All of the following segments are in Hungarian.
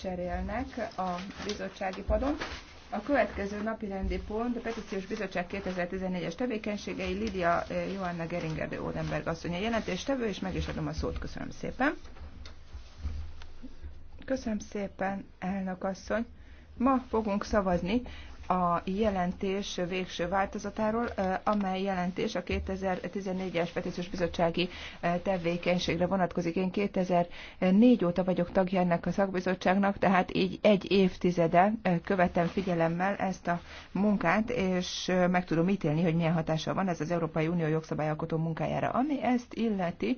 cserélnek a bizottsági padon. A következő napi rendi pont a Petíciós Bizottság 2014-es tevékenységei Lidia eh, Johanna Geringer de Odenberg asszony a jelentéstevő, és meg is adom a szót. Köszönöm szépen. Köszönöm szépen, elnök asszony. Ma fogunk szavazni a jelentés végső változatáról, amely jelentés a 2014-es petíciós bizottsági tevékenységre vonatkozik. Én 2004 óta vagyok tagja ennek a szakbizottságnak, tehát így egy évtizede követem figyelemmel ezt a munkát, és meg tudom ítélni, hogy milyen hatása van ez az Európai Unió jogszabályalkotó munkájára. Ami ezt illeti,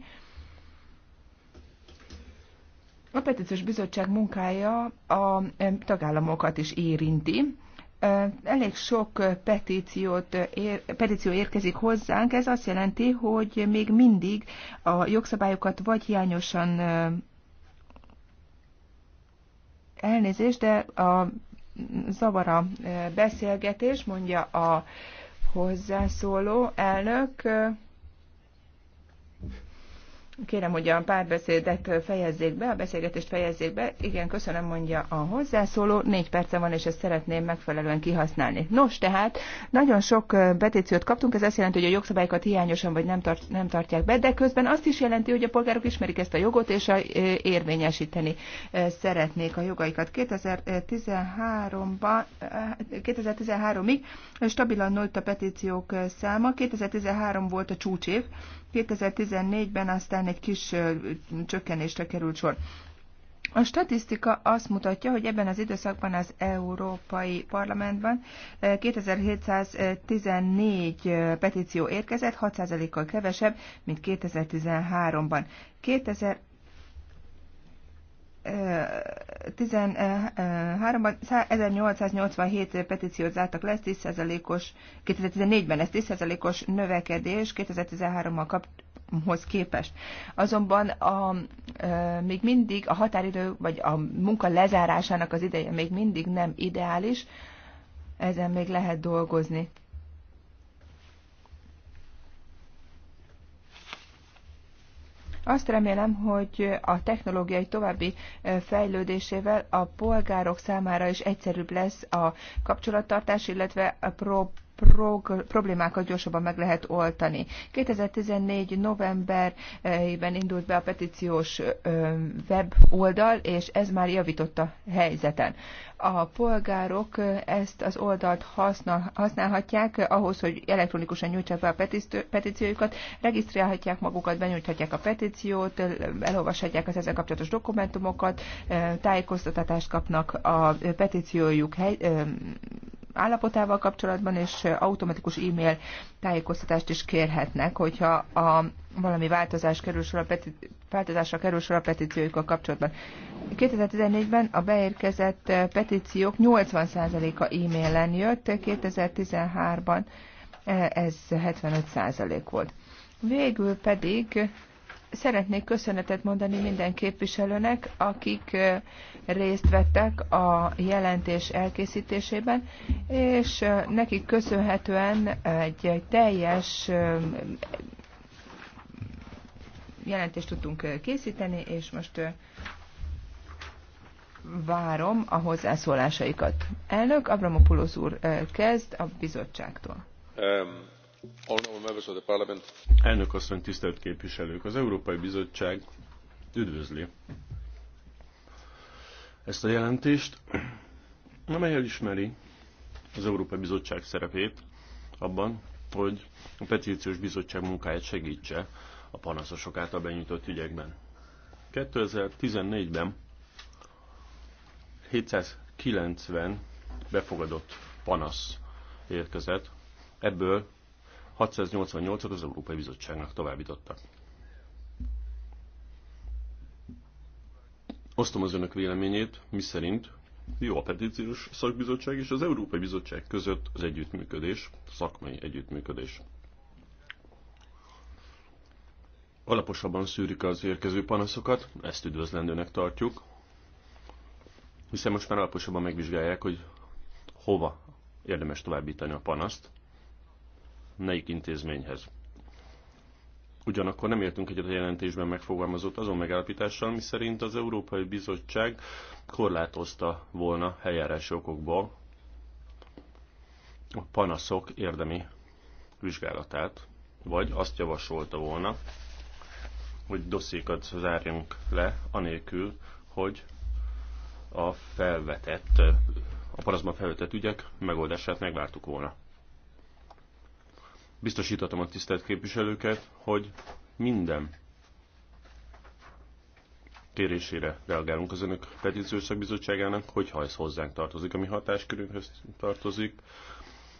a petíciós bizottság munkája a tagállamokat is érinti elég sok petíciót, ér, petíció érkezik hozzánk. Ez azt jelenti, hogy még mindig a jogszabályokat vagy hiányosan elnézés, de a zavara beszélgetés, mondja a hozzászóló elnök. Kérem, hogy a párbeszédet fejezzék be, a beszélgetést fejezzék be. Igen, köszönöm, mondja a hozzászóló. Négy perce van, és ezt szeretném megfelelően kihasználni. Nos, tehát nagyon sok petíciót kaptunk, ez azt jelenti, hogy a jogszabályokat hiányosan vagy nem, tart, nem tartják be, de közben azt is jelenti, hogy a polgárok ismerik ezt a jogot, és a, érvényesíteni szeretnék a jogaikat. 2013-ban, hát 2013-ig stabilan nőtt a petíciók száma, 2013 volt a csúcsév, 2014-ben aztán egy kis csökkenésre került sor. A statisztika azt mutatja, hogy ebben az időszakban az Európai Parlamentben 2714 petíció érkezett, 6%-kal kevesebb, mint 2013-ban. 2000 13-ban 1887 petíciót zártak le, 10%-os, 2014-ben ez 10%-os növekedés, 2013-mal kap, hoz képest. Azonban a, e, még mindig a határidő, vagy a munka lezárásának az ideje még mindig nem ideális, ezen még lehet dolgozni. Azt remélem, hogy a technológiai további fejlődésével a polgárok számára is egyszerűbb lesz a kapcsolattartás, illetve a prób problémákat gyorsabban meg lehet oltani. 2014. novemberben indult be a petíciós weboldal, és ez már javította a helyzeten. A polgárok ezt az oldalt használ, használhatják ahhoz, hogy elektronikusan nyújtsák be a petíciójukat, regisztrálhatják magukat, benyújthatják a petíciót, elolvashatják az ezzel kapcsolatos dokumentumokat, tájékoztatást kapnak a petíciójuk hely, állapotával kapcsolatban, és automatikus e-mail tájékoztatást is kérhetnek, hogyha a valami változás kerül sor a peti, változásra kerül sor a petícióikkal kapcsolatban. 2014-ben a beérkezett petíciók 80%-a e-mailen jött, 2013-ban ez 75% volt. Végül pedig Szeretnék köszönetet mondani minden képviselőnek, akik részt vettek a jelentés elkészítésében, és nekik köszönhetően egy, teljes jelentést tudtunk készíteni, és most várom a hozzászólásaikat. Elnök Abramopoulos úr kezd a bizottságtól. Um. Elnök asszony, tisztelt képviselők! Az Európai Bizottság üdvözli ezt a jelentést, amely elismeri az Európai Bizottság szerepét abban, hogy a petciós Bizottság munkáját segtse a panaszosok által benyújtott ügyekben. 2014-ben 790 befogadott panasz érkezett, ebből 688 ot az Európai Bizottságnak továbbította. Osztom az önök véleményét, miszerint jó a petíciós szakbizottság és az Európai Bizottság között az együttműködés, szakmai együttműködés. Alaposabban szűrik az érkező panaszokat, ezt üdvözlendőnek tartjuk, hiszen most már alaposabban megvizsgálják, hogy hova érdemes továbbítani a panaszt melyik intézményhez. Ugyanakkor nem értünk egyet a jelentésben megfogalmazott azon megállapítással, miszerint az Európai Bizottság korlátozta volna helyárási okokból a panaszok érdemi vizsgálatát, vagy azt javasolta volna, hogy dossziékat zárjunk le, anélkül, hogy a felvetett, a paraszban felvetett ügyek megoldását megvártuk volna. Biztosítatom a tisztelt képviselőket, hogy minden kérésére reagálunk az Önök Petíciós bizottságának, hogyha ez hozzánk tartozik, ami hatáskörünkhöz tartozik.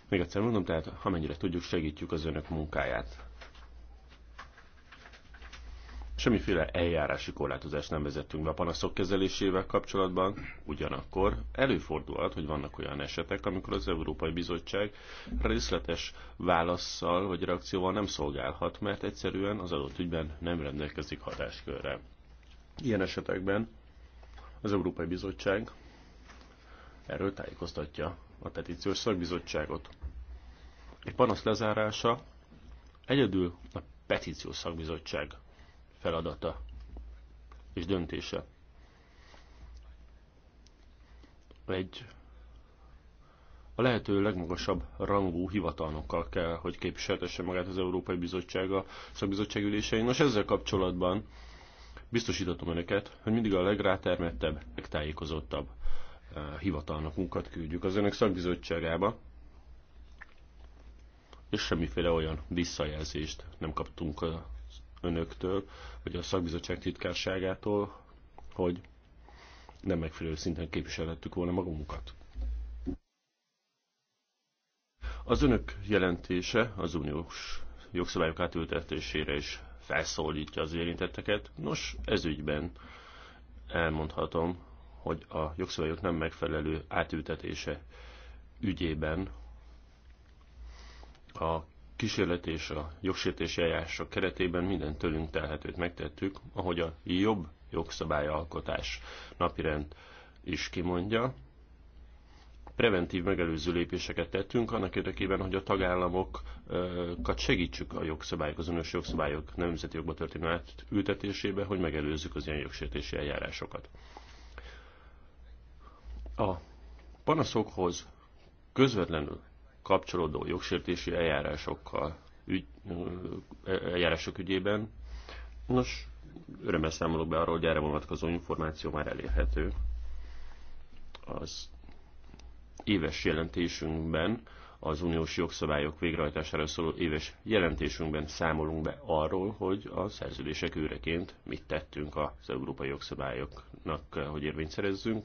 Még egyszer mondom, tehát amennyire tudjuk, segítjük az Önök munkáját. Semmiféle eljárási korlátozást nem vezettünk be a panaszok kezelésével kapcsolatban, ugyanakkor előfordulhat, hogy vannak olyan esetek, amikor az Európai Bizottság részletes válaszsal vagy reakcióval nem szolgálhat, mert egyszerűen az adott ügyben nem rendelkezik hatáskörre. Ilyen esetekben az Európai Bizottság erről tájékoztatja a petíciós szakbizottságot. Egy panasz lezárása egyedül a petíciós szakbizottság feladata és döntése. Egy a lehető legmagasabb rangú hivatalnokkal kell, hogy képviseltesse magát az Európai Bizottsága szakbizottság ülésein. Nos, ezzel kapcsolatban biztosítatom önöket, hogy mindig a legrátermettebb, legtájékozottabb eh, hivatalnokunkat küldjük az önök szakbizottságába, és semmiféle olyan visszajelzést nem kaptunk eh, önöktől, vagy a szakbizottság titkárságától, hogy nem megfelelő szinten képviselhettük volna magunkat. Az önök jelentése az uniós jogszabályok átültetésére is felszólítja az érintetteket. Nos, ez ügyben elmondhatom, hogy a jogszabályok nem megfelelő átültetése ügyében a kísérlet és a jogsértési eljárások keretében minden tőlünk telhetőt megtettük, ahogy a jobb jogszabályalkotás napirend is kimondja. Preventív megelőző lépéseket tettünk annak érdekében, hogy a tagállamokat segítsük a jogszabályok, az önös jogszabályok nemzeti jogba történő átültetésébe, hogy megelőzzük az ilyen jogsértési eljárásokat. A panaszokhoz közvetlenül kapcsolódó jogsértési eljárásokkal, ügy, e, eljárások ügyében. Nos, örömmel számolok be arról, hogy erre vonatkozó információ már elérhető. Az éves jelentésünkben, az uniós jogszabályok végrehajtására szóló éves jelentésünkben számolunk be arról, hogy a szerződések őreként mit tettünk az európai jogszabályoknak, hogy érvényt szerezzünk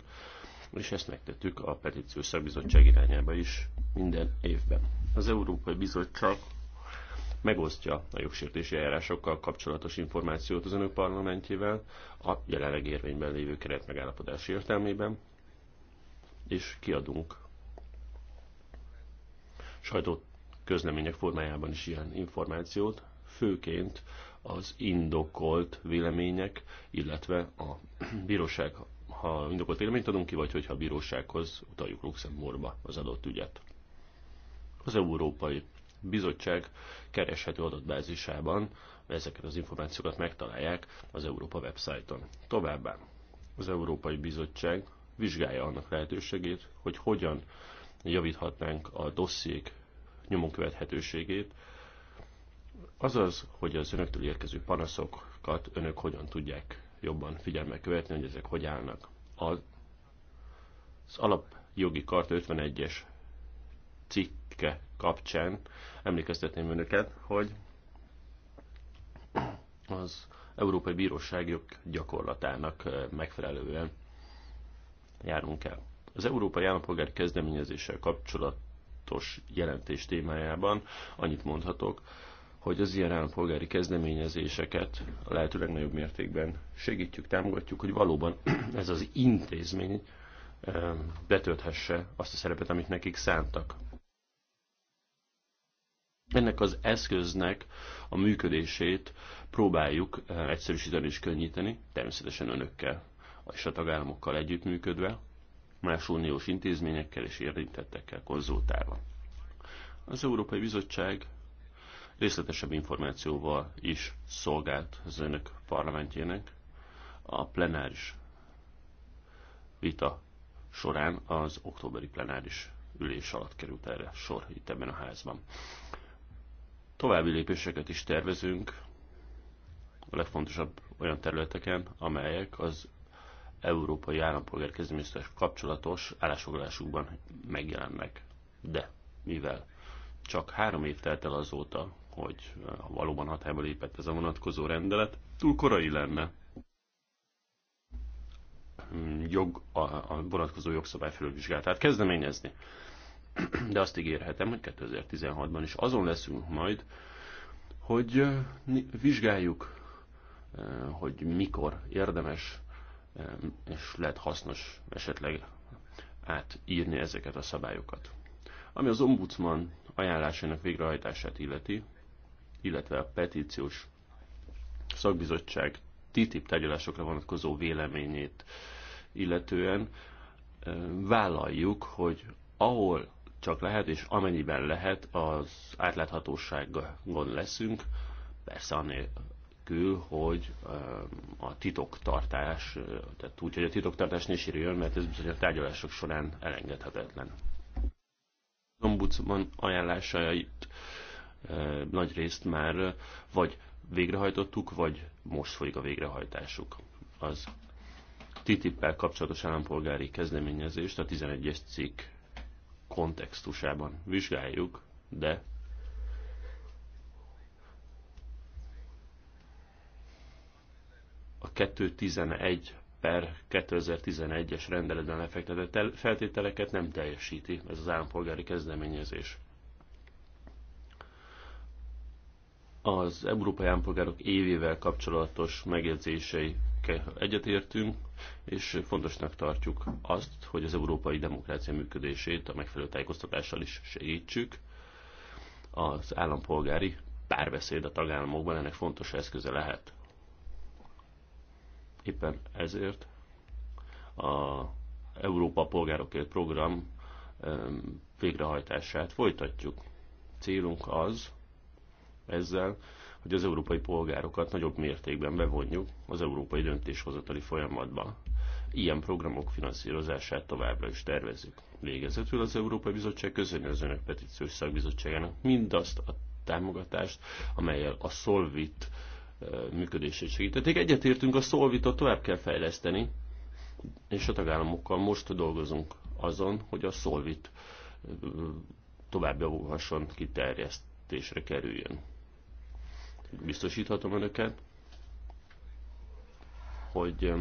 és ezt megtettük a petíciós szakbizottság irányába is minden évben. Az Európai Bizottság megosztja a jogsértési eljárásokkal kapcsolatos információt az önök parlamentjével a jelenleg érvényben lévő keretmegállapodás értelmében, és kiadunk sajtót közlemények formájában is ilyen információt, főként az indokolt vélemények, illetve a bíróság ha indokolt véleményt adunk ki, vagy hogyha a bírósághoz utaljuk Luxemburgba az adott ügyet. Az Európai Bizottság kereshető adatbázisában ezeket az információkat megtalálják az Európa websájton. Továbbá az Európai Bizottság vizsgálja annak lehetőségét, hogy hogyan javíthatnánk a dossziék nyomon követhetőségét, azaz, hogy az önöktől érkező panaszokat önök hogyan tudják jobban figyelme követni, hogy ezek hogy állnak. Az, az alapjogi karta 51-es cikke kapcsán emlékeztetném önöket, hogy az Európai Bíróság gyakorlatának megfelelően járunk el. Az Európai Állampolgári Kezdeményezéssel kapcsolatos jelentés témájában annyit mondhatok, hogy az ilyen állampolgári kezdeményezéseket a lehető legnagyobb mértékben segítjük, támogatjuk, hogy valóban ez az intézmény betölthesse azt a szerepet, amit nekik szántak. Ennek az eszköznek a működését próbáljuk egyszerűsíteni és könnyíteni, természetesen önökkel és a tagállamokkal együttműködve, más uniós intézményekkel és érintettekkel konzultálva. Az Európai Bizottság részletesebb információval is szolgált az önök parlamentjének. A plenáris vita során az októberi plenáris ülés alatt került erre sor itt ebben a házban. További lépéseket is tervezünk a legfontosabb olyan területeken, amelyek az európai állampolgár kezdeményezés kapcsolatos állásfoglalásukban megjelennek. De mivel csak három év telt el azóta, hogy eh, valóban hatályba lépett ez a vonatkozó rendelet, túl korai lenne hmm, jog, a, a vonatkozó jogszabály felülvizsgálatát kezdeményezni. De azt ígérhetem, hogy 2016-ban is azon leszünk majd, hogy eh, vizsgáljuk, eh, hogy mikor érdemes és lehet hasznos esetleg átírni ezeket a szabályokat. Ami az ombudsman ajánlásának végrehajtását illeti, illetve a petíciós szakbizottság TTIP tárgyalásokra vonatkozó véleményét illetően vállaljuk, hogy ahol csak lehet, és amennyiben lehet, az átláthatóságon leszünk, persze anélkül, hogy a titoktartás, tehát úgy, hogy a titoktartás ne sérüljön, mert ez bizony a tárgyalások során elengedhetetlen. Ombudsman ajánlásait nagy részt már vagy végrehajtottuk, vagy most folyik a végrehajtásuk. Az ttip el kapcsolatos állampolgári kezdeményezést a 11-es cikk kontextusában vizsgáljuk, de a 211 per 2011-es rendeletben lefektetett feltételeket nem teljesíti ez az állampolgári kezdeményezés. az európai állampolgárok évével kapcsolatos megjegyzései egyetértünk, és fontosnak tartjuk azt, hogy az európai demokrácia működését a megfelelő tájékoztatással is segítsük. Az állampolgári párbeszéd a tagállamokban ennek fontos eszköze lehet. Éppen ezért a Európa Polgárokért program végrehajtását folytatjuk. Célunk az, ezzel, hogy az európai polgárokat nagyobb mértékben bevonjuk az európai döntéshozatali folyamatba. Ilyen programok finanszírozását továbbra is tervezzük. Végezetül az Európai Bizottság közönő az Önök Petíciós Szakbizottságának mindazt a támogatást, amelyel a Solvit működését segítették. Egyetértünk, a Solvitot tovább kell fejleszteni, és a tagállamokkal most dolgozunk azon, hogy a Solvit tovább javulhasson, kiterjesztésre kerüljön biztosíthatom önöket, hogy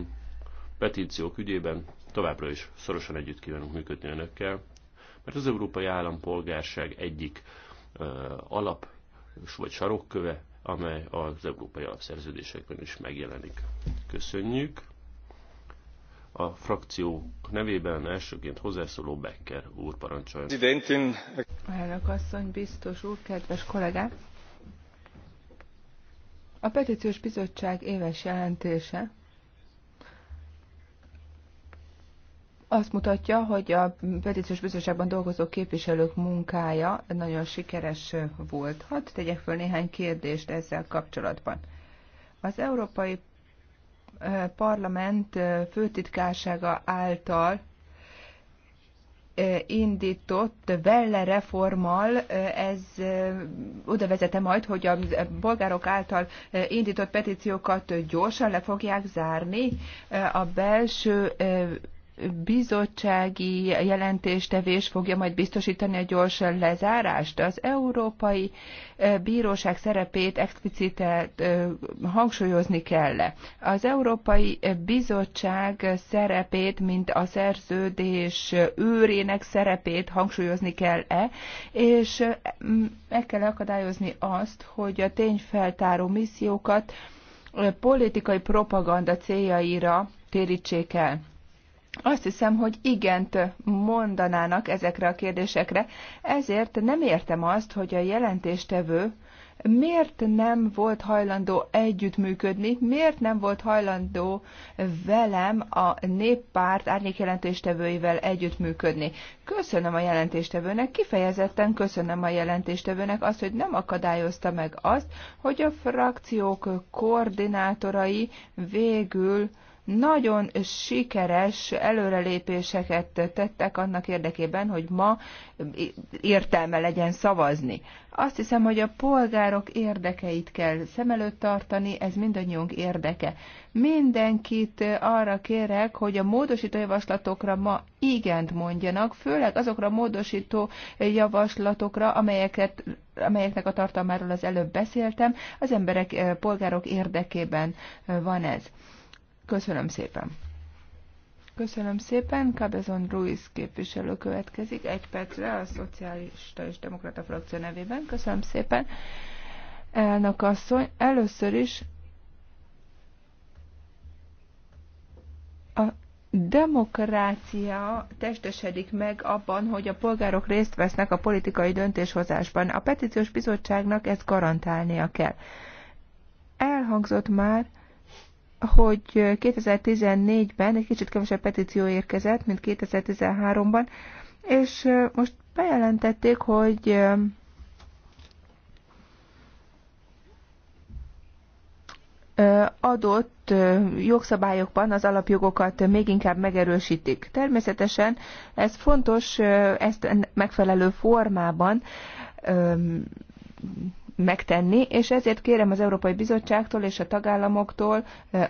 petíciók ügyében továbbra is szorosan együtt kívánunk működni önökkel, mert az európai állampolgárság egyik alap vagy sarokköve, amely az európai alapszerződésekben is megjelenik. Köszönjük! A frakció nevében elsőként hozzászóló Becker úr parancsolja. Elnök asszony, biztos úr, kedves kollégák! A Petíciós Bizottság éves jelentése azt mutatja, hogy a petíciós bizottságban dolgozó képviselők munkája nagyon sikeres volt. Hadd tegyek föl néhány kérdést ezzel kapcsolatban. Az Európai eh, Parlament eh, főtitkársága által indított Velle reformmal, ez oda vezete majd, hogy a bolgárok által indított petíciókat gyorsan le fogják zárni, a belső bizottsági jelentéstevés fogja majd biztosítani a gyors lezárást. Az Európai Bíróság szerepét explicite hangsúlyozni kell. Az Európai Bizottság szerepét, mint a szerződés őrének szerepét hangsúlyozni kell-e, és meg kell akadályozni azt, hogy a tényfeltáró missziókat politikai propaganda céljaira térítsék el azt hiszem, hogy igent mondanának ezekre a kérdésekre, ezért nem értem azt, hogy a jelentéstevő miért nem volt hajlandó együttműködni, miért nem volt hajlandó velem a néppárt árnyékjelentéstevőivel együttműködni. Köszönöm a jelentéstevőnek, kifejezetten köszönöm a jelentéstevőnek azt, hogy nem akadályozta meg azt, hogy a frakciók koordinátorai végül nagyon sikeres előrelépéseket tettek annak érdekében, hogy ma értelme legyen szavazni. Azt hiszem, hogy a polgárok érdekeit kell szem előtt tartani, ez mindannyiunk érdeke. Mindenkit arra kérek, hogy a módosító javaslatokra ma igent mondjanak, főleg azokra a módosító javaslatokra, amelyeket amelyeknek a tartalmáról az előbb beszéltem, az emberek, eh, polgárok érdekében eh, van ez. Köszönöm szépen. Köszönöm szépen. Cabezon Ruiz képviselő következik. Egy percre a Szocialista és Demokrata frakció nevében. Köszönöm szépen. Elnök asszony, először is a demokrácia testesedik meg abban, hogy a polgárok részt vesznek a politikai döntéshozásban. A petíciós bizottságnak ezt garantálnia kell. Elhangzott már, hogy 2014-ben egy kicsit kevesebb petíció érkezett, mint 2013-ban, és most bejelentették, hogy adott jogszabályokban az alapjogokat még inkább megerősítik. Természetesen ez fontos, ezt megfelelő formában megtenni, és ezért kérem az Európai Bizottságtól és a tagállamoktól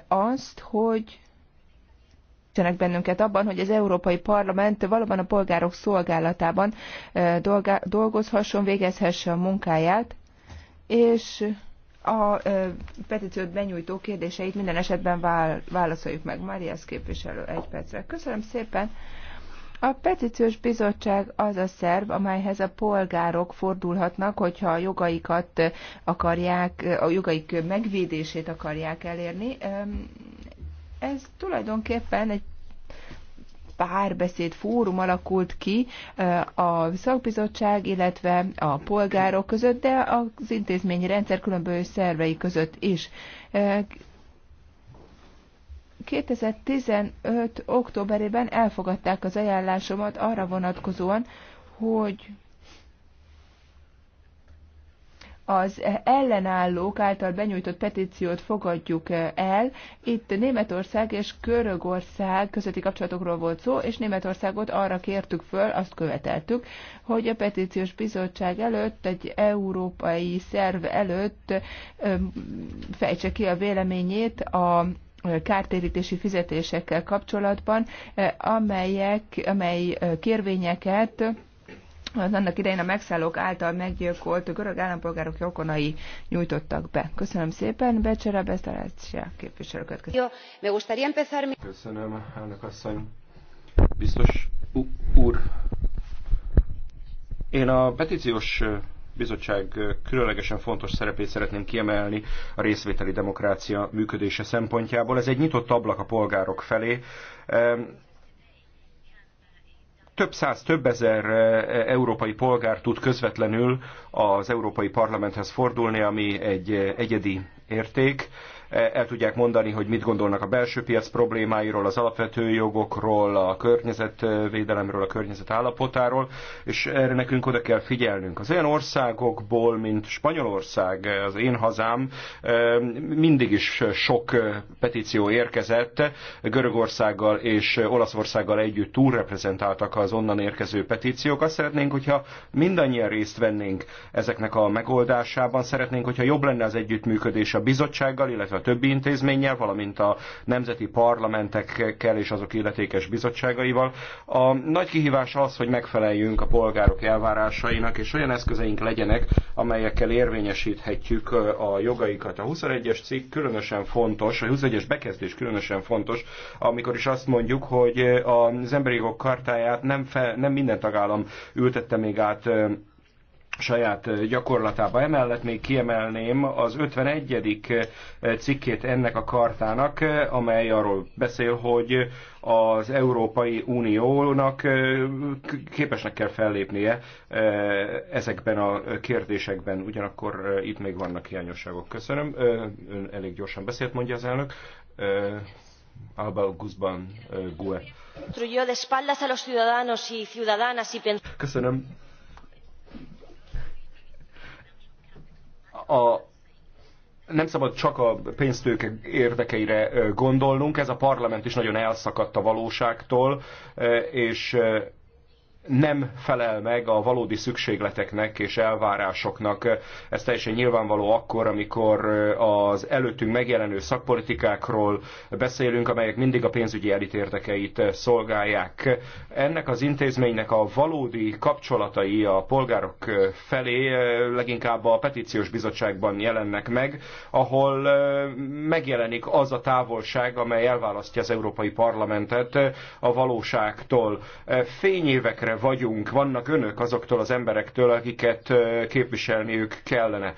azt, hogy segítsenek bennünket abban, hogy az Európai Parlament valóban a polgárok szolgálatában dolgozhasson, végezhesse a munkáját, és a petíciót benyújtó kérdéseit minden esetben válaszoljuk meg. Máriász képviselő, egy percre. Köszönöm szépen. A petíciós bizottság az a szerv, amelyhez a polgárok fordulhatnak, hogyha a jogaikat akarják, a jogaik megvédését akarják elérni. Ez tulajdonképpen egy párbeszéd fórum alakult ki a szakbizottság, illetve a polgárok között, de az intézményi rendszer különböző szervei között is. 2015. októberében elfogadták az ajánlásomat arra vonatkozóan, hogy az ellenállók által benyújtott petíciót fogadjuk el. Itt Németország és Körögország közötti kapcsolatokról volt szó, és Németországot arra kértük föl, azt követeltük, hogy a petíciós bizottság előtt, egy európai szerv előtt fejtse ki a véleményét a kártérítési fizetésekkel kapcsolatban, eh, amelyek, amely eh, kérvényeket az annak idején a megszállók által meggyilkolt görög állampolgárok jokonai nyújtottak be. Köszönöm szépen, Becsere Besztarácia képviselőket. Köszönöm. Köszönöm, elnök asszony. Biztos úr. Én a petíciós eh, bizottság különlegesen fontos szerepét szeretném kiemelni a részvételi demokrácia működése szempontjából. Ez egy nyitott ablak a polgárok felé több száz, több ezer európai polgár tud közvetlenül az Európai Parlamenthez fordulni, ami egy egyedi érték el tudják mondani, hogy mit gondolnak a belső piac problémáiról, az alapvető jogokról, a környezetvédelemről, a környezet állapotáról, és erre nekünk oda kell figyelnünk. Az olyan országokból, mint Spanyolország, az én hazám, mindig is sok petíció érkezett, Görögországgal és Olaszországgal együtt túlreprezentáltak az onnan érkező petíciók. Azt szeretnénk, hogyha mindannyian részt vennénk ezeknek a megoldásában, szeretnénk, hogyha jobb lenne az együttműködés a bizottsággal, illetve a többi intézménnyel, valamint a nemzeti parlamentekkel és azok illetékes bizottságaival. A nagy kihívás az, hogy megfeleljünk a polgárok elvárásainak, és olyan eszközeink legyenek, amelyekkel érvényesíthetjük a jogaikat. A 21-es cikk különösen fontos, a 21-es bekezdés különösen fontos, amikor is azt mondjuk, hogy az emberi jogok kartáját nem, fe, nem minden tagállam ültette még át saját eh, gyakorlatába. Emellett még kiemelném az 51. Eh, cikkét ennek a kartának, eh, amely arról beszél, hogy az Európai Uniónak képesnek kell fellépnie ezekben a kérdésekben. Ugyanakkor itt még vannak hiányosságok. Köszönöm. Ön elég gyorsan beszélt, mondja az elnök. Alba Guzban Gue. Köszönöm a nem szabad csak a pénztők érdekeire gondolnunk, ez a parlament is nagyon elszakadt a valóságtól, és nem felel meg a valódi szükségleteknek és elvárásoknak. Ez teljesen nyilvánvaló akkor, amikor az előttünk megjelenő szakpolitikákról beszélünk, amelyek mindig a pénzügyi elit érdekeit szolgálják. Ennek az intézménynek a valódi kapcsolatai a polgárok felé leginkább a petíciós bizottságban jelennek meg, ahol megjelenik az a távolság, amely elválasztja az Európai Parlamentet a valóságtól. Fényévekre vagyunk, vannak önök azoktól az emberektől, akiket képviselniük kellene.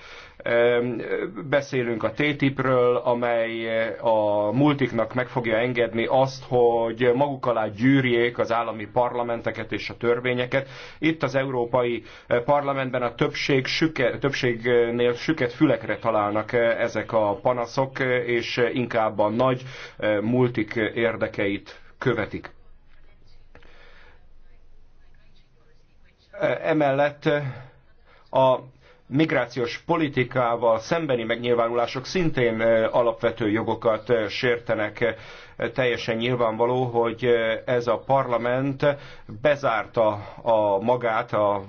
Beszélünk a TTIP-ről, amely a multiknak meg fogja engedni azt, hogy maguk alá gyűrjék az állami parlamenteket és a törvényeket. Itt az Európai Parlamentben a többség süke, többségnél süket fülekre találnak ezek a panaszok, és inkább a nagy multik érdekeit követik. Emellett a migrációs politikával szembeni megnyilvánulások szintén alapvető jogokat sértenek. Teljesen nyilvánvaló, hogy ez a parlament bezárta a magát a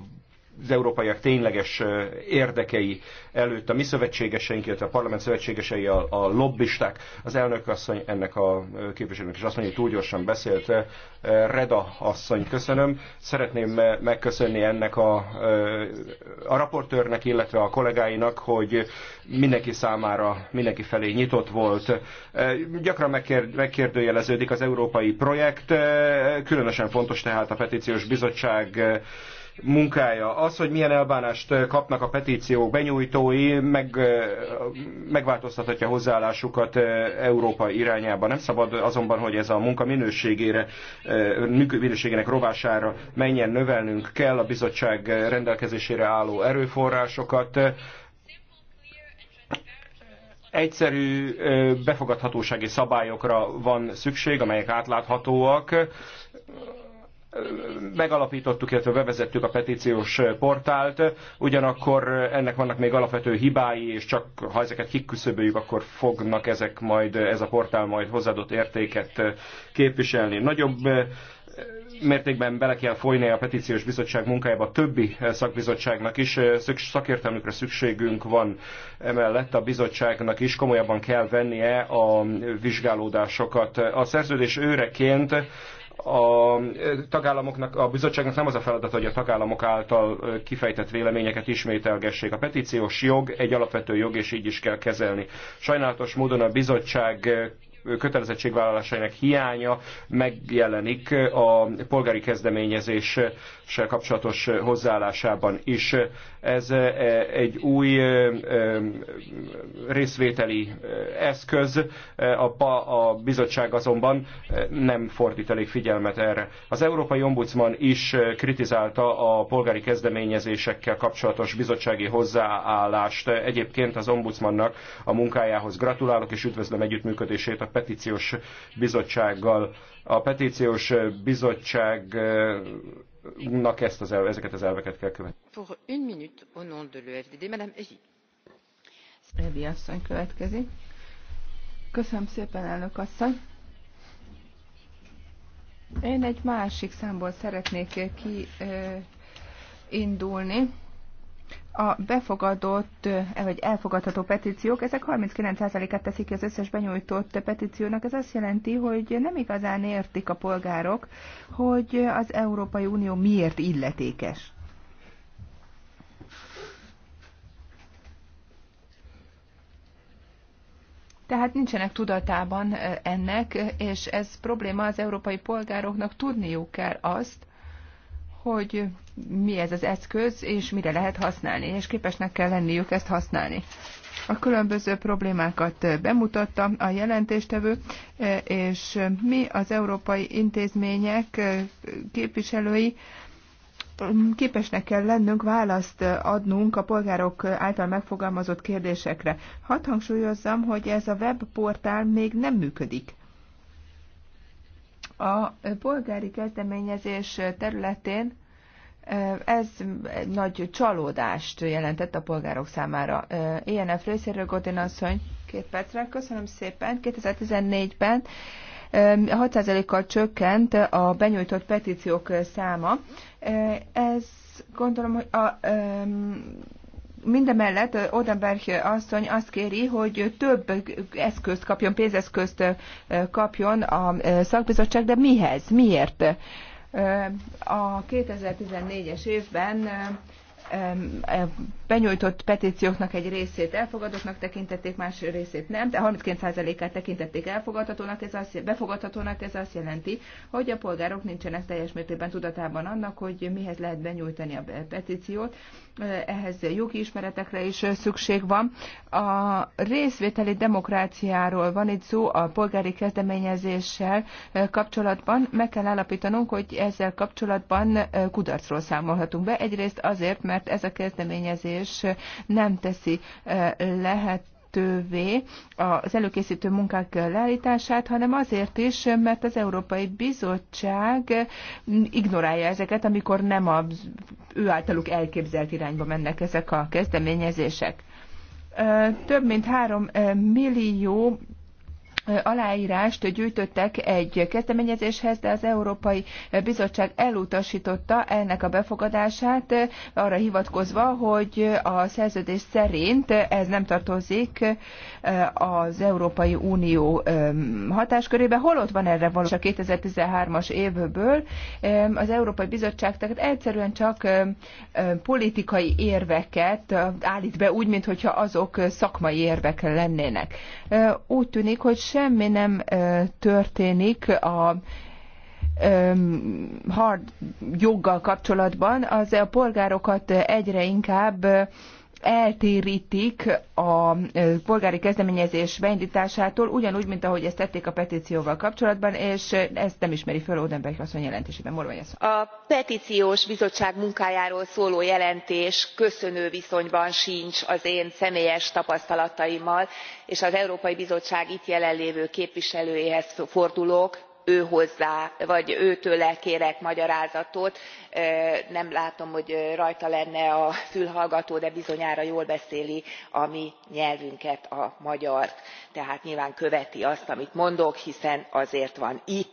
az európaiak tényleges érdekei előtt a mi szövetségeseink, illetve a parlament szövetségesei, a, a lobbisták. Az elnök asszony ennek a képviselőnek is azt mondja, hogy túl gyorsan beszélt. Reda asszony, köszönöm. Szeretném megköszönni ennek a, a raportőrnek, illetve a kollégáinak, hogy mindenki számára, mindenki felé nyitott volt. Gyakran megkér, megkérdőjeleződik az európai projekt, különösen fontos tehát a petíciós bizottság munkája. Az, hogy milyen elbánást kapnak a petíciók benyújtói, meg, megváltoztathatja hozzáállásukat Európa irányába. Nem szabad azonban, hogy ez a munka minőségére, minőségének rovására menjen, növelnünk kell a bizottság rendelkezésére álló erőforrásokat egyszerű befogadhatósági szabályokra van szükség, amelyek átláthatóak megalapítottuk, illetve bevezettük a petíciós portált, ugyanakkor ennek vannak még alapvető hibái, és csak ha ezeket kiküszöböljük, akkor fognak ezek majd, ez a portál majd hozzáadott értéket képviselni. Nagyobb eh, mértékben bele kell folyni a petíciós bizottság munkájába a többi eh, szakbizottságnak is. Eh, szakértelmükre szükségünk van emellett a bizottságnak is komolyabban kell vennie a vizsgálódásokat. A szerződés őreként a tagállamoknak, a bizottságnak nem az a feladat, hogy a tagállamok által kifejtett véleményeket ismételgessék. A petíciós jog egy alapvető jog, és így is kell kezelni. Sajnálatos módon a bizottság kötelezettségvállalásainak hiánya megjelenik a polgári kezdeményezéssel kapcsolatos hozzáállásában is. Ez e, egy új e, e, részvételi eszköz, a bizottság azonban nem fordít elég figyelmet erre. Az Európai Ombudsman is kritizálta a polgári kezdeményezésekkel kapcsolatos bizottsági hozzáállást. Egyébként az ombudsmannak a munkájához gratulálok és üdvözlöm együttműködését a petíciós bizottsággal. A petíciós bizottságnak ezt az elve, ezeket az elveket kell követni. Pour une minute, au nom de l'EFDD, Madame Evi. Evi asszony következik. Köszönöm szépen, elnök asszony. Én egy másik számból szeretnék ki indulni a befogadott, eh, vagy elfogadható petíciók, ezek 39%-át teszik ki az összes benyújtott petíciónak. Ez azt jelenti, hogy nem igazán értik a polgárok, hogy az Európai Unió miért illetékes. Tehát nincsenek tudatában eh, ennek, eh, és ez probléma az európai polgároknak, tudniuk kell azt, hogy mi ez az eszköz, és mire lehet használni, és képesnek kell lenniük ezt használni. A különböző problémákat bemutatta a jelentéstevő, és mi az európai intézmények képviselői képesnek kell lennünk választ adnunk a polgárok által megfogalmazott kérdésekre. Hadd hangsúlyozzam, hogy ez a webportál még nem működik. A polgári kezdeményezés területén ez nagy csalódást jelentett a polgárok számára. Ilyen részéről Godin asszony, két percre, köszönöm szépen. 2014-ben 6%-kal csökkent a benyújtott petíciók száma. Ez gondolom, hogy a Mindemellett Odenberg asszony azt kéri, hogy több eszközt kapjon, pénzeszközt kapjon a szakbizottság, de mihez? Miért? A 2014-es évben benyújtott petícióknak egy részét elfogadottnak tekintették, más részét nem, de 39%-át tekintették elfogadhatónak, ez azt, befogadhatónak, ez azt jelenti, hogy a polgárok nincsenek teljes mértékben tudatában annak, hogy mihez lehet benyújtani a petíciót. Ehhez jogi ismeretekre is szükség van. A részvételi demokráciáról van itt szó a polgári kezdeményezéssel eh, kapcsolatban. Meg kell állapítanunk, hogy ezzel kapcsolatban eh, kudarcról számolhatunk be. Egyrészt azért, mert mert ez a kezdeményezés nem teszi lehet tővé az előkészítő munkák leállítását, hanem azért is, mert az Európai Bizottság ignorálja ezeket, amikor nem az ő általuk elképzelt irányba mennek ezek a kezdeményezések. Több mint három millió aláírást gyűjtöttek egy kezdeményezéshez, de az Európai Bizottság elutasította ennek a befogadását, arra hivatkozva, hogy a szerződés szerint ez nem tartozik eh, az Európai Unió eh, hatáskörébe, Hol ott van erre valós a 2013-as évből. Eh, az Európai Bizottság tehát egyszerűen csak politikai érveket állít be úgy, mintha azok szakmai érvek lennének. Úgy tűnik, hogy semmi nem történik a hard joggal kapcsolatban, az a polgárokat egyre inkább eltérítik a polgári kezdeményezés beindításától, ugyanúgy, mint ahogy ezt tették a petícióval kapcsolatban, és ezt nem ismeri föl Odenberg asszony jelentésében. Morvai asszony. A petíciós bizottság munkájáról szóló jelentés köszönő viszonyban sincs az én személyes tapasztalataimmal, és az Európai Bizottság itt jelenlévő képviselőjéhez fordulok, őhozzá vagy őtőle kérek magyarázatot nem látom hogy rajta lenne a fülhallgató de bizonyára jól beszéli a mi nyelvünket a magyart tehát nyilván követi azt amit mondok hiszen azért van itt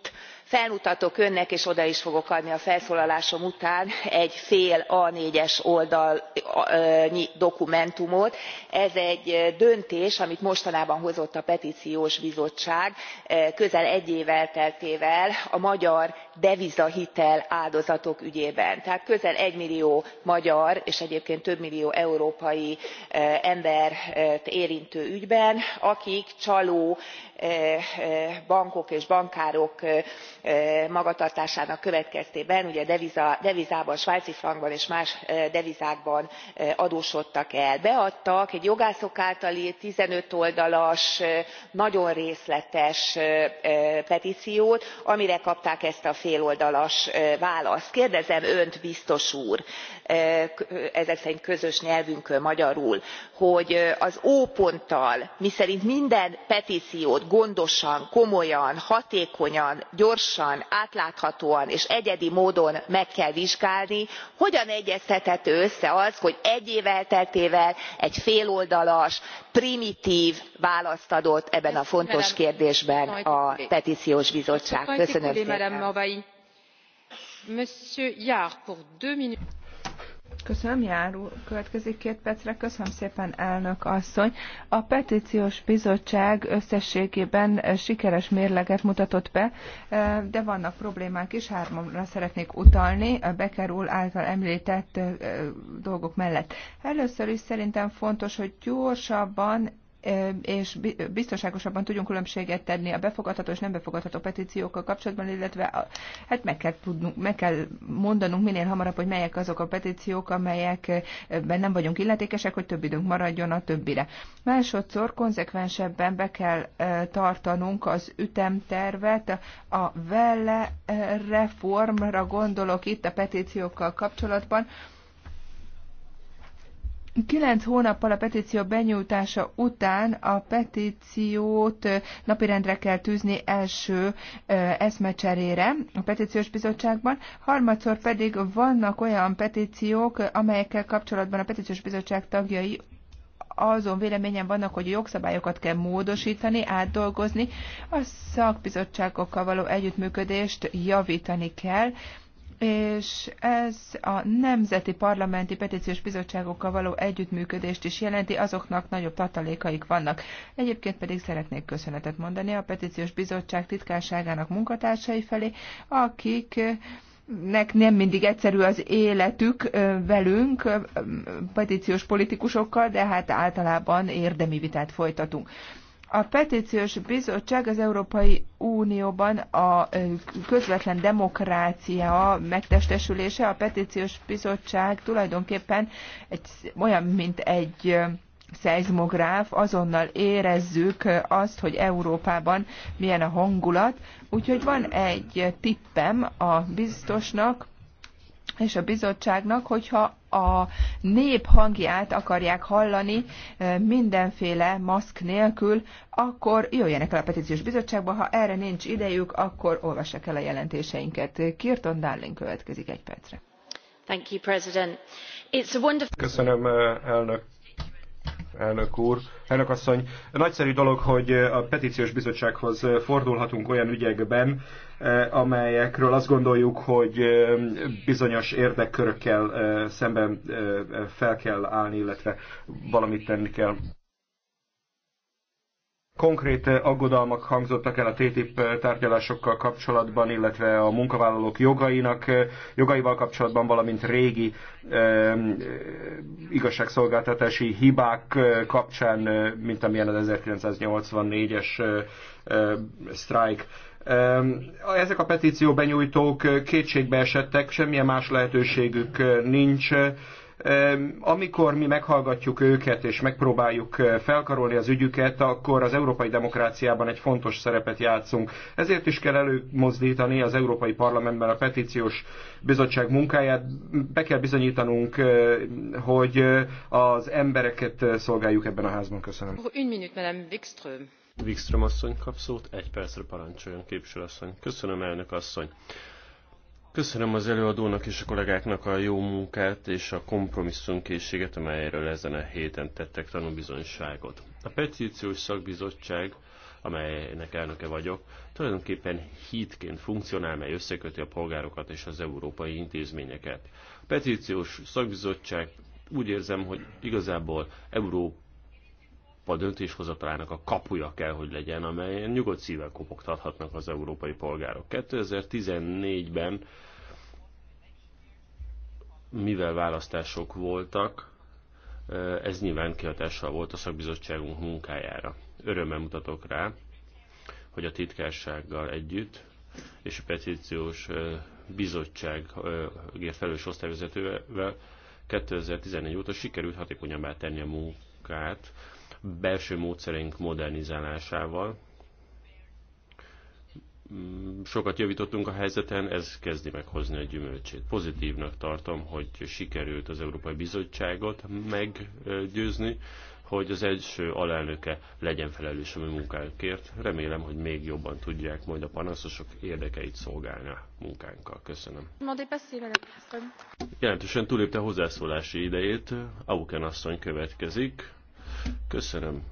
felmutatok önnek és oda is fogok adni a felszólalásom után egy fél a four es oldalnyi dokumentumot ez egy döntés amit mostanában hozott a petciós bizottság közel egy év elteltével a magyar devizahitel áldozatok ügyében. tehát közel millió magyar és egyébként több millió európai embert érintő ügyben akik csaló E, e, bankok és bankárok e, magatartásának következtében ugye devizában svájci frankban és más devizákban adósodtak el. beadtak egy jogászok által rt fifteen oldalas nagyon részletes petciót amire kapták ezt a féloldalas választ. kérdezem önt biztos úr ezek szerint közös nyelvünkön magyarul hogy az ó ponttal miszerint minden petciót gondosan komolyan hatékonyan gyorsan átláthatóan és egyedi módon meg kell vizsgálni hogyan egyeztethető össze az hogy egy év elteltével egy féloldalas primitv választ adott ebben a fontos kérdésben a petciós bizottság. köszönöm szépen! Köszönöm, járó. Következik két percre. Köszönöm szépen, elnök asszony. A petíciós bizottság összességében eh, sikeres mérleget mutatott be, eh, de vannak problémák is. Háromra szeretnék utalni a bekerül által említett eh, dolgok mellett. Először is szerintem fontos, hogy gyorsabban és biztonságosabban tudjunk különbséget tenni a befogadható és nem befogadható petíciókkal kapcsolatban, illetve a, hát meg kell, tudnunk, meg kell mondanunk minél hamarabb, hogy melyek azok a petíciók, amelyekben nem vagyunk illetékesek, hogy több időnk maradjon a többire. Másodszor konzekvensebben be kell tartanunk az ütemtervet, a vele reformra gondolok itt a petíciókkal kapcsolatban, Kilenc hónappal a petíció benyújtása után a petíciót napirendre kell tűzni első eszmecserére a petíciós bizottságban, harmadszor pedig vannak olyan petíciók, amelyekkel kapcsolatban a petíciós bizottság tagjai azon véleményen vannak, hogy jogszabályokat kell módosítani, átdolgozni, a szakbizottságokkal való együttműködést javítani kell, és ez a nemzeti parlamenti petíciós bizottságokkal való együttműködést is jelenti, azoknak nagyobb tartalékaik vannak. Egyébként pedig szeretnék köszönetet mondani a petíciós bizottság titkárságának munkatársai felé, akik nek nem mindig egyszerű az életük velünk, petíciós politikusokkal, de hát általában érdemi vitát folytatunk. A petíciós bizottság az Európai Unióban a közvetlen demokrácia megtestesülése, a petíciós bizottság tulajdonképpen egy, olyan, mint egy szeizmográf, azonnal érezzük azt, hogy Európában milyen a hangulat. Úgyhogy van egy tippem a biztosnak, és a bizottságnak, hogyha a nép hangját akarják hallani mindenféle maszk nélkül, akkor jöjjenek el a petíciós bizottságba, ha erre nincs idejük, akkor olvassák el a jelentéseinket. Kirton Darling következik egy percre. Thank you, President. It's a wonderful... Köszönöm, elnök elnök úr, elnök asszony. Nagyszerű dolog, hogy a petíciós bizottsághoz fordulhatunk olyan ügyekben, eh, amelyekről azt gondoljuk, hogy eh, bizonyos érdekkörökkel eh, szemben fel kell állni, illetve valamit tenni kell. Konkrét eh, aggodalmak hangzottak el a TTIP eh, tárgyalásokkal kapcsolatban, illetve a munkavállalók jogainak, eh, jogaival kapcsolatban, valamint régi eh, igazságszolgáltatási hibák kapcsán, mint amilyen az 1984-es eh, sztrájk. Ezek a petíció benyújtók kétségbe esettek, semmilyen más lehetőségük nincs, amikor mi meghallgatjuk őket és megpróbáljuk eh, felkarolni az ügyüket, akkor az európai demokráciában egy fontos szerepet játszunk. Ezért is kell előmozdítani az Európai Parlamentben a petíciós bizottság munkáját. Be kell bizonyítanunk, eh, hogy eh, az embereket szolgáljuk ebben a házban. Köszönöm. Wikström. Wikström asszony kap szót, egy percre parancsoljon képviselőasszony. Köszönöm, elnök asszony. Köszönöm az előadónak és a kollégáknak a jó munkát és a kompromisszumkészséget, amelyről ezen a héten tettek tanúbizonyságot. A petíciós szakbizottság, amelynek elnöke vagyok, tulajdonképpen hídként funkcionál, mely összeköti a polgárokat és az európai intézményeket. A petíciós szakbizottság úgy érzem, hogy igazából Európa a döntéshozatalának a kapuja kell, hogy legyen, amelyen nyugodt szívvel kopogtathatnak az európai polgárok. 2014-ben, mivel választások voltak, ez nyilván kihatással volt a szakbizottságunk munkájára. Örömmel mutatok rá, hogy a titkársággal együtt és a petíciós bizottságért felelős osztályvezetővel 2014 óta sikerült hatékonyabbá tenni a munkát, belső módszerünk modernizálásával. Mm, sokat javítottunk a helyzeten, ez kezdi meghozni a gyümölcsét. Pozitívnak tartom, hogy sikerült az Európai Bizottságot meggyőzni, hogy az első alelnöke legyen felelős a mi munkánkért. Remélem, hogy még jobban tudják majd a panaszosok érdekeit szolgálni a munkánkkal. Köszönöm. Jelentősen túlépte hozzászólási idejét. Auken asszony következik. Köszönöm.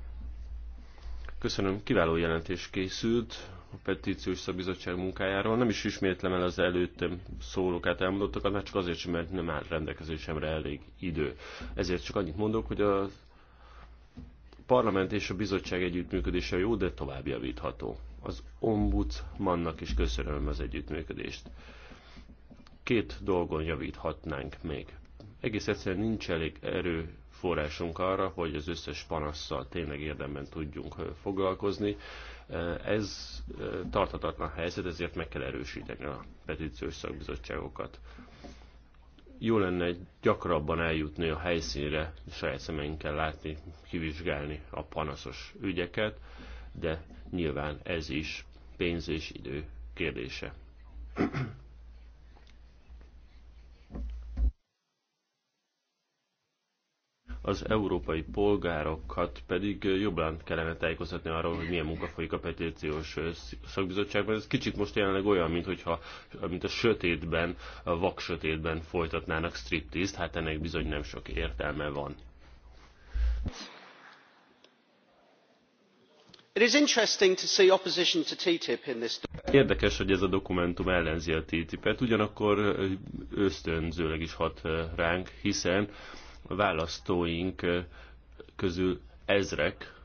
Köszönöm, kiváló jelentés készült a petíciós szabizottság munkájáról. Nem is ismétlem el az előttem szólókát elmondottakat, mert csak azért sem, mert nem áll rendelkezésemre elég idő. Ezért csak annyit mondok, hogy a parlament és a bizottság együttműködése jó, de tovább javítható. Az ombudsmannak is köszönöm az együttműködést. Két dolgon javíthatnánk még. Egész egyszerűen nincs elég erő forrásunk arra, hogy az összes panasszal tényleg érdemben tudjunk foglalkozni. Ez tartatatlan helyzet, ezért meg kell erősíteni a petíciós szakbizottságokat. Jó lenne gyakrabban eljutni a helyszínre, saját szemeinkkel látni, kivizsgálni a panaszos ügyeket, de nyilván ez is pénz és idő kérdése. az európai polgárokat pedig jobban kellene tájékoztatni arról, hogy milyen munka folyik a petíciós szakbizottságban. Ez kicsit most jelenleg olyan, mint hogyha, mint a sötétben, a vak sötétben folytatnának striptizt, hát ennek bizony nem sok értelme van. Érdekes, hogy ez a dokumentum ellenzi a TTIP-et, ugyanakkor ösztönzőleg is hat ránk, hiszen választóink közül ezrek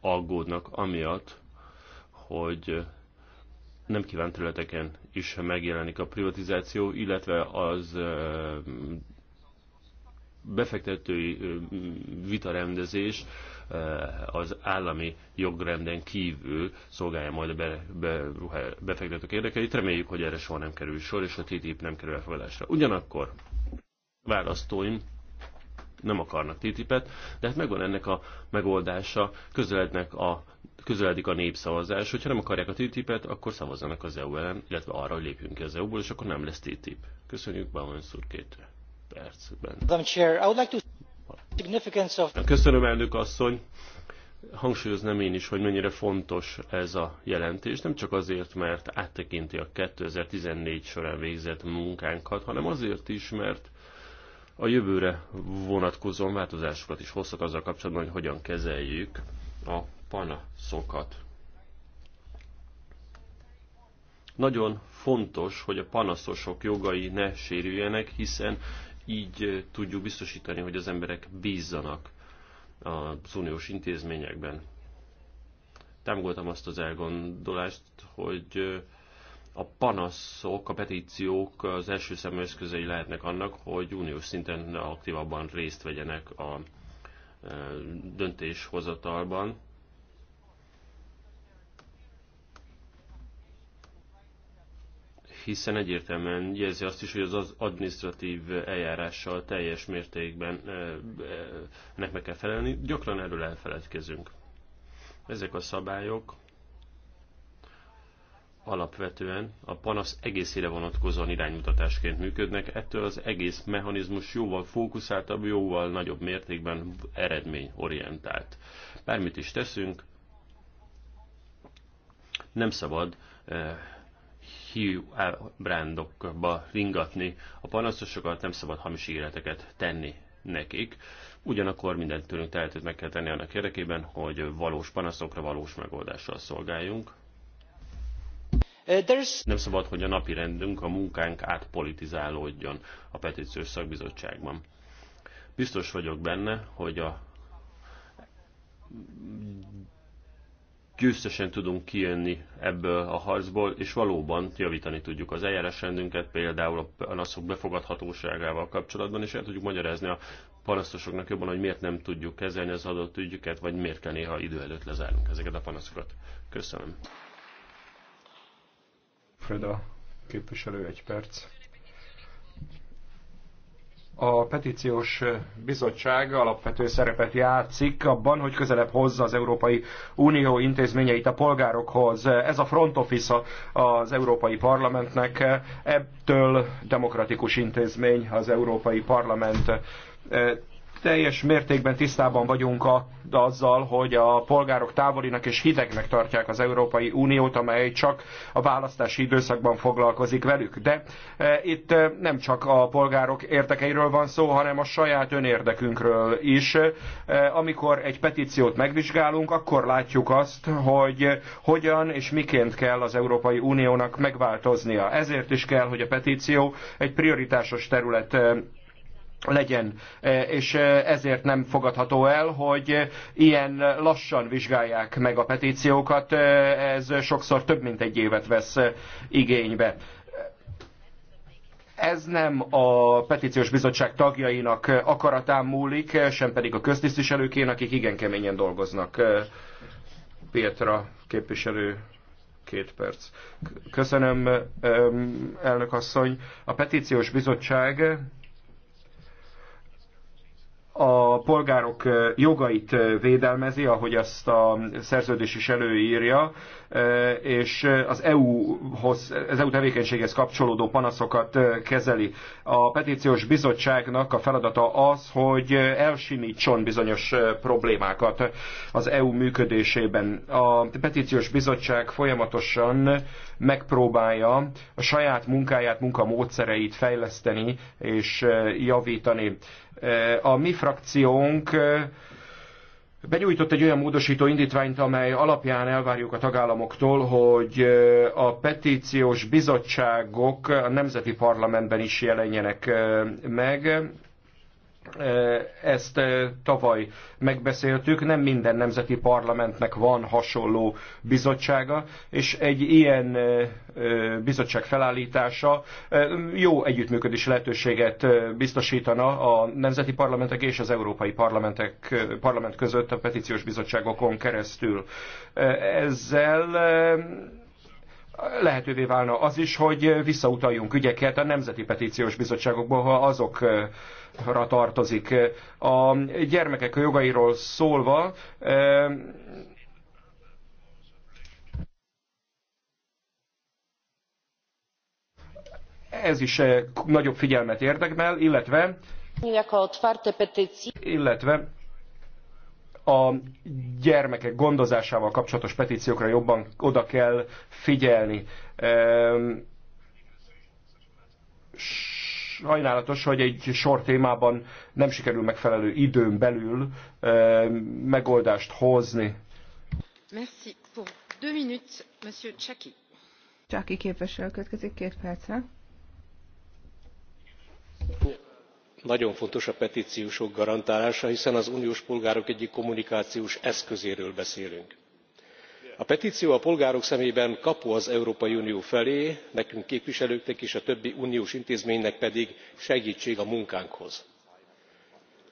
aggódnak amiatt, hogy nem kívánt területeken is megjelenik a privatizáció, illetve az befektetői vitarendezés az állami jogrenden kívül szolgálja majd a be, be, befektetők érdekeit. Reméljük, hogy erre soha nem kerül sor, és a TTIP nem kerül elfogadásra. Ugyanakkor választóim nem akarnak TTIP-et, de hát megvan ennek a megoldása, közelednek a, közeledik a népszavazás, hogyha nem akarják a TTIP-et, akkor szavazzanak az EU ellen, illetve arra, hogy lépjünk ki az EU-ból, és akkor nem lesz TTIP. Köszönjük, Bahon úr, két percben. Köszönöm, elnök asszony. Hangsúlyoznám én is, hogy mennyire fontos ez a jelentés, nem csak azért, mert áttekinti a 2014 során végzett munkánkat, hanem azért is, mert a jövőre vonatkozó változásokat is hoztak azzal kapcsolatban, hogy hogyan kezeljük a panaszokat. Nagyon fontos, hogy a panaszosok jogai ne sérüljenek, hiszen így tudjuk biztosítani, hogy az emberek bízzanak az uniós intézményekben. Támogatom azt az elgondolást, hogy a panaszok, a petíciók az első szemű eszközei lehetnek annak, hogy uniós szinten aktívabban részt vegyenek a e, döntéshozatalban. hiszen egyértelműen jelzi azt is, hogy az administratív eljárással teljes mértékben e, e, nek meg kell felelni. Gyakran erről elfeledkezünk. Ezek a szabályok alapvetően a panasz egészére vonatkozóan iránymutatásként működnek, ettől az egész mechanizmus jóval fókuszáltabb, jóval nagyobb mértékben eredményorientált. Bármit is teszünk, nem szabad eh, hiú brándokba ringatni a panaszosokat, nem szabad hamis ígéreteket tenni nekik. Ugyanakkor mindent tőlünk tehetőt meg kell tenni annak érdekében, hogy valós panaszokra valós megoldással szolgáljunk. Uh, nem szabad, hogy a napi rendünk, a munkánk átpolitizálódjon a petíciós szakbizottságban. Biztos vagyok benne, hogy a győztesen tudunk kijönni ebből a harcból, és valóban javítani tudjuk az eljárásrendünket, például a panaszok befogadhatóságával kapcsolatban, és el tudjuk magyarázni a panaszosoknak jobban, hogy miért nem tudjuk kezelni az adott ügyüket, vagy miért kell néha idő előtt lezárnunk ezeket a panaszokat. Köszönöm a képviselő, egy perc. A petíciós bizottság alapvető szerepet játszik abban, hogy közelebb hozza az Európai Unió intézményeit a polgárokhoz. Ez a front office az Európai Parlamentnek, ebből demokratikus intézmény az Európai Parlament teljes mértékben tisztában vagyunk a, azzal, hogy a polgárok távolinak és hidegnek tartják az Európai Uniót, amely csak a választási időszakban foglalkozik velük. De e, itt e, nem csak a polgárok érdekeiről van szó, hanem a saját önérdekünkről is. E, amikor egy petíciót megvizsgálunk, akkor látjuk azt, hogy hogyan és miként kell az Európai Uniónak megváltoznia. Ezért is kell, hogy a petíció egy prioritásos terület e, legyen, e, és e, ezért nem fogadható el, hogy ilyen lassan vizsgálják meg a petíciókat, e, ez sokszor több mint egy évet vesz igénybe ez nem a petíciós bizottság tagjainak akaratán múlik, sem pedig a köztisztviselőkén, akik igen keményen dolgoznak. Pietra képviselő, két perc. Köszönöm, elnök asszony. A petíciós bizottság a polgárok jogait védelmezi, ahogy azt a szerződés is előírja, és az EU-hoz, az EU tevékenységhez kapcsolódó panaszokat kezeli. A petíciós bizottságnak a feladata az, hogy elsimítson bizonyos problémákat az EU működésében. A petíciós bizottság folyamatosan megpróbálja a saját munkáját, munkamódszereit fejleszteni és javítani. Eh, a mi frakciónk eh, benyújtott egy olyan módosító indítványt, amely alapján elvárjuk a tagállamoktól, hogy eh, a petíciós bizottságok a nemzeti parlamentben is jelenjenek meg, ezt tavaly megbeszéltük, nem minden nemzeti parlamentnek van hasonló bizottsága, és egy ilyen bizottság felállítása jó együttműködés lehetőséget biztosítana a nemzeti parlamentek és az európai parlamentek, parlament között a petíciós bizottságokon keresztül. Ezzel lehetővé válna az is, hogy visszautaljunk ügyeket a Nemzeti Petíciós Bizottságokból, ha azokra tartozik. A gyermekek jogairól szólva, ez is nagyobb figyelmet érdemel, illetve illetve a gyermekek gondozásával kapcsolatos petíciókra jobban oda kell figyelni. Ehm, sajnálatos, hogy egy sor témában nem sikerül megfelelő időn belül ehm, megoldást hozni. Merci. Pour deux minutes, Monsieur Csaki. Csaki képviselő következik két percre nagyon fontos a petciók garantálása hiszen az uniós polgárok egyik kommunikációs eszközéről beszélünk. a petció a polgárok szemében kapu az európai unió felé nekünk képviselőknek és a többi uniós intézménynek pedig segtség a munkánkhoz.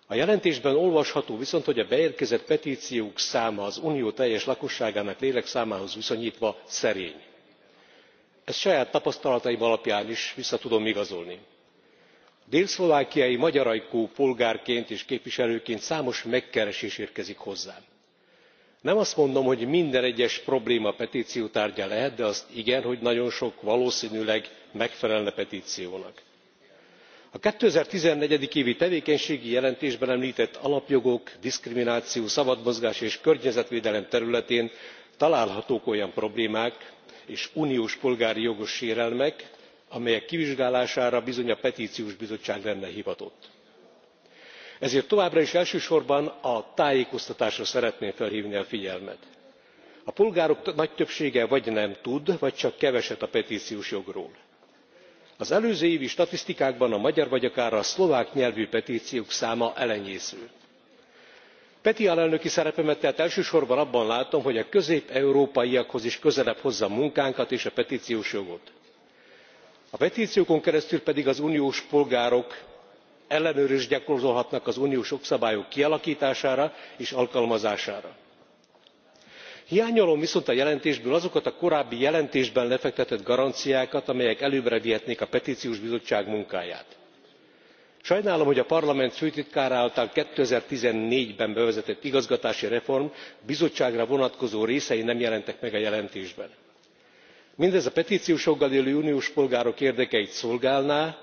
a jelentésben olvasható viszont hogy a beérkezett petciók száma az unió teljes lakosságának lélekszámához viszonytva szerény. ezt saját tapasztalataim alapján is vissza tudom igazolni délszlovákiai magyarajkú polgárként és képviselőként számos megkeresés érkezik hozzám. nem azt mondom hogy minden egyes probléma petció tárgya lehet de azt igen hogy nagyon sok valósznűleg megfelelne petciónak. a two thousand and fourteen évi tevékenységi jelentésben emltett alapjogok diszkrimináció szabad mozgás és környezetvédelem területén találhatók olyan problémák és uniós polgári jogos sérelmek amelyek kivizsgálására bizony a petciós bizottság lenne hivatott. ezért továbbra is elsősorban a tájékoztatásra szeretném felhvni a figyelmet. a polgárok nagy többsége vagy nem tud vagy csak keveset a petciós jogról. az előző évi statisztikákban a magyar vagy akár a szlovák nyelvű petciók száma elenyésző. peti alelnöki szerepemet tehát elsősorban abban látom hogy a közép európaiakhoz is közelebb hozza munkánkat és a petciós jogot a petciókon keresztül pedig az uniós polgárok ellenőrzést gyakorolhatnak az uniós jogszabályok kialaktására és alkalmazására. hiányolom viszont a jelentésből azokat a korábbi jelentésben lefektetett garanciákat amelyek előbbre vihetnék a petciós bizottság munkáját. sajnálom hogy a parlament főtitkára által two thousand and fourteen ben bevezetett igazgatási reform bizottságra vonatkozó részei nem jelentek meg a jelentésben mindez a petciós joggal élő uniós polgárok érdekeit szolgálná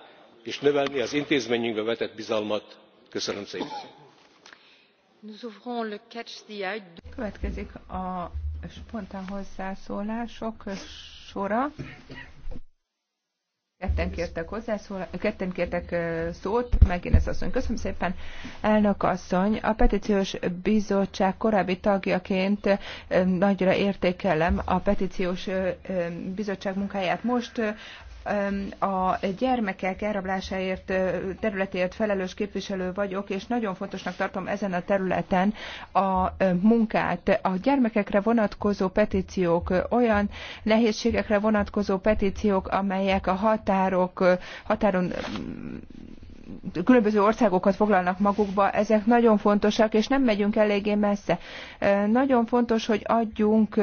és növelné az intézményünkbe vetett bizalmat. köszönöm szépen! Ketten kértek hozzászól, ketten kértek szót, megint ez asszony. Köszönöm szépen, elnök asszony. A petíciós bizottság korábbi tagjaként nagyra értékelem a petíciós bizottság munkáját. Most a gyermekek elrablásáért, területéért felelős képviselő vagyok, és nagyon fontosnak tartom ezen a területen a munkát. A gyermekekre vonatkozó petíciók olyan nehézségekre vonatkozó petíciók, amelyek a határok, határon különböző országokat foglalnak magukba, ezek nagyon fontosak, és nem megyünk eléggé messze. Nagyon fontos, hogy adjunk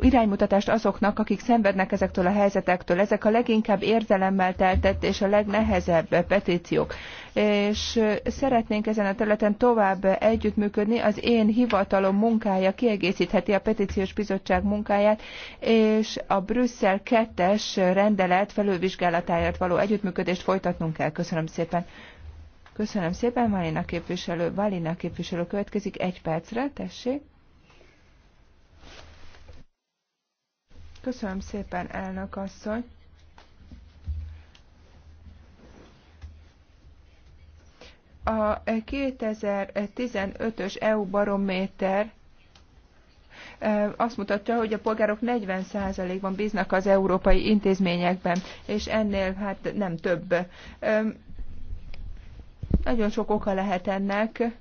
iránymutatást azoknak, akik szenvednek ezektől a helyzetektől. Ezek a leginkább érzelemmel teltett és a legnehezebb petíciók. És szeretnénk ezen a területen tovább együttműködni. Az én hivatalom munkája kiegészítheti a petíciós bizottság munkáját, és a Brüsszel kettes rendelet felülvizsgálatáért való együttműködést folytatnunk kell. Köszönöm szépen. Köszönöm szépen, Valina képviselő. Valina képviselő következik egy percre, tessék. Köszönöm szépen, elnök asszony. A 2015-ös EU barométer e, azt mutatja, hogy a polgárok 40%-ban bíznak az európai intézményekben, és ennél hát nem több. Nagyon sok oka lehet ennek.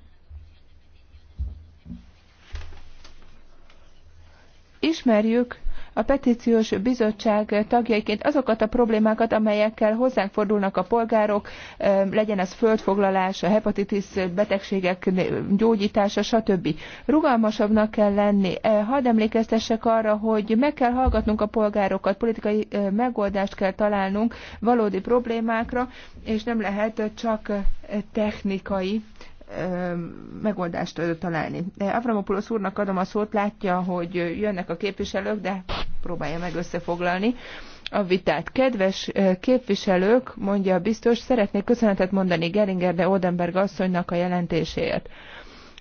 Ismerjük a petíciós bizottság tagjaiként azokat a problémákat, amelyekkel hozzánk fordulnak a polgárok, legyen ez földfoglalás, a hepatitis betegségek gyógyítása, stb. Rugalmasabbnak kell lenni. Hadd emlékeztessek arra, hogy meg kell hallgatnunk a polgárokat, politikai megoldást kell találnunk valódi problémákra, és nem lehet csak technikai megoldást találni. Avramopoulos úrnak adom a szót, látja, hogy jönnek a képviselők, de próbálja meg összefoglalni a vitát. Kedves képviselők, mondja a biztos, szeretnék köszönetet mondani Geringer de Odenberg asszonynak a jelentéséért.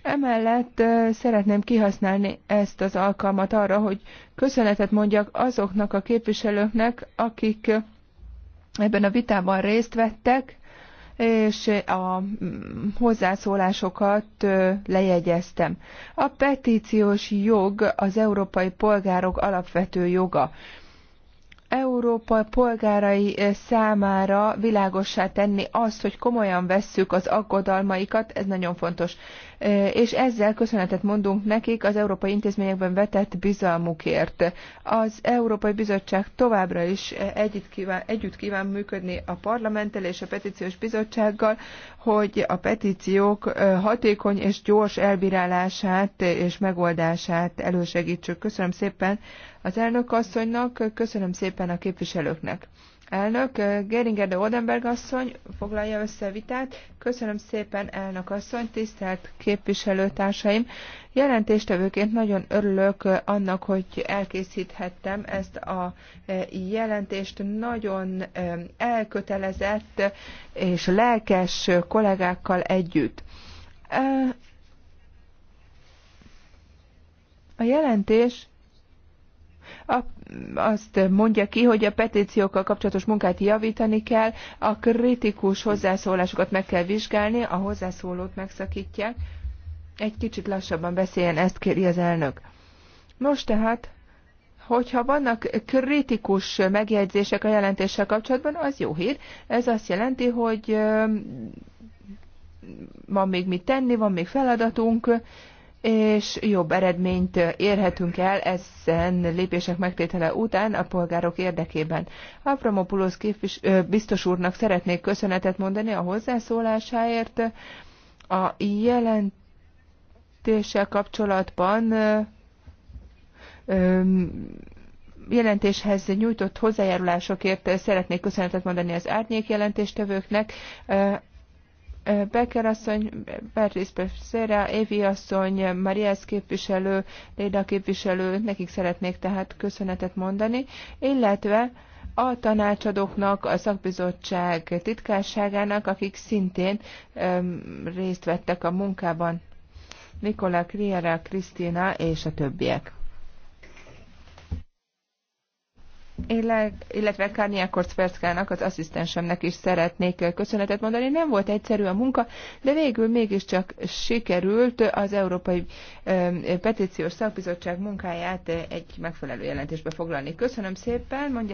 Emellett szeretném kihasználni ezt az alkalmat arra, hogy köszönetet mondjak azoknak a képviselőknek, akik ebben a vitában részt vettek, és a mm, hozzászólásokat lejegyeztem. A petíciós jog az európai polgárok alapvető joga. Európa polgárai számára világossá tenni azt, hogy komolyan vesszük az aggodalmaikat, ez nagyon fontos és ezzel köszönetet mondunk nekik az európai intézményekben vetett bizalmukért. Az Európai Bizottság továbbra is együtt kíván, együtt kíván működni a parlamenttel és a petíciós bizottsággal, hogy a petíciók hatékony és gyors elbírálását és megoldását elősegítsük. Köszönöm szépen az elnök asszonynak, köszönöm szépen a képviselőknek. Elnök, Geringer de Odenberg asszony foglalja össze a vitát. Köszönöm szépen, elnök asszony, tisztelt képviselőtársaim. Jelentéstevőként nagyon örülök annak, hogy elkészíthettem ezt a jelentést. Nagyon elkötelezett és lelkes kollégákkal együtt. A jelentés a azt mondja ki, hogy a petíciókkal kapcsolatos munkát javítani kell, a kritikus hozzászólásokat meg kell vizsgálni, a hozzászólót megszakítják. Egy kicsit lassabban beszéljen, ezt kéri az elnök. Nos tehát, hogyha vannak kritikus megjegyzések a jelentéssel kapcsolatban, az jó hír. Ez azt jelenti, hogy van még mit tenni, van még feladatunk, és jobb eredményt érhetünk el ezen lépések megtétele után a polgárok érdekében. Avramopoulos biztos úrnak szeretnék köszönetet mondani a hozzászólásáért. A jelentéssel kapcsolatban jelentéshez nyújtott hozzájárulásokért szeretnék köszönetet mondani az árnyék jelentéstevőknek, Becker asszony, Beatrice Becerra, Évi asszony, Marias képviselő, Léda képviselő, nekik szeretnék tehát köszönetet mondani, illetve a tanácsadóknak, a szakbizottság titkárságának, akik szintén öm, részt vettek a munkában, Nikola Kriera, Krisztina és a többiek. illetve Kárnyák Korcperckának, az asszisztensemnek is szeretnék köszönetet mondani. Nem volt egyszerű a munka, de végül mégiscsak sikerült az Európai Petíciós Szakbizottság munkáját egy megfelelő jelentésbe foglalni. Köszönöm szépen, mondja